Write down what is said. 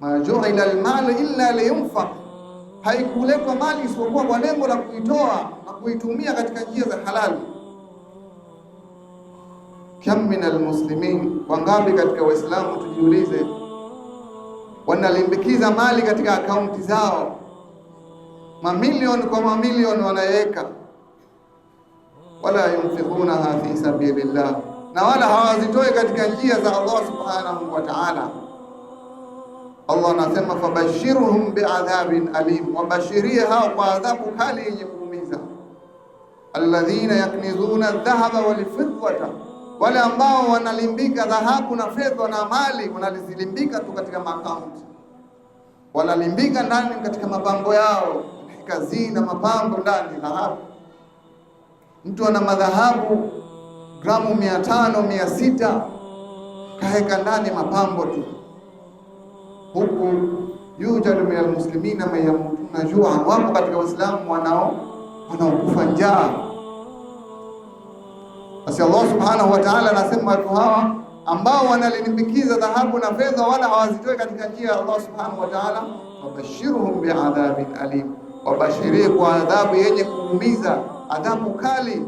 majuila almalu illa liyunfaq, haikuletwa mali isipokuwa kwa lengo la kuitoa na kuitumia katika njia za halali. Kam min almuslimin, wangapi katika Waislamu tujiulize, wanalimbikiza mali katika akaunti zao, mamilioni kwa mamilioni wanaweka, wala yunfikunaha fi sabilillah, na wala hawazitoi katika njia za Allah subhanahu wa ta'ala. Allah anasema fabashiruhum biadhabin alim, wabashirie hao kwa adhabu kali yenye kuumiza. Alladhina yaknizuna dhahaba walfidwata, wale ambao wanalimbika dhahabu na fedha na mali, wanalizilimbika tu katika makaunti, wanalimbika ndani katika mapambo yao, hazina mapambo ndani dhahabu. Mtu ana madhahabu gramu mia tano mia sita kaheka ndani mapambo tu huku yujadu min almuslimina man yamutuna juan, wapo katika Uislamu wanao wanaokufa njaa. Basi Allah subhanahu wa ta'ala anasema watu hawa ambao wanalilimbikiza dhahabu na fedha wala hawazitoi katika njia ya Allah subhanahu wa ta'ala, wabashiruhum biadhabin alim, wabashirie kwa adhabu yenye kuumiza, adhabu kali.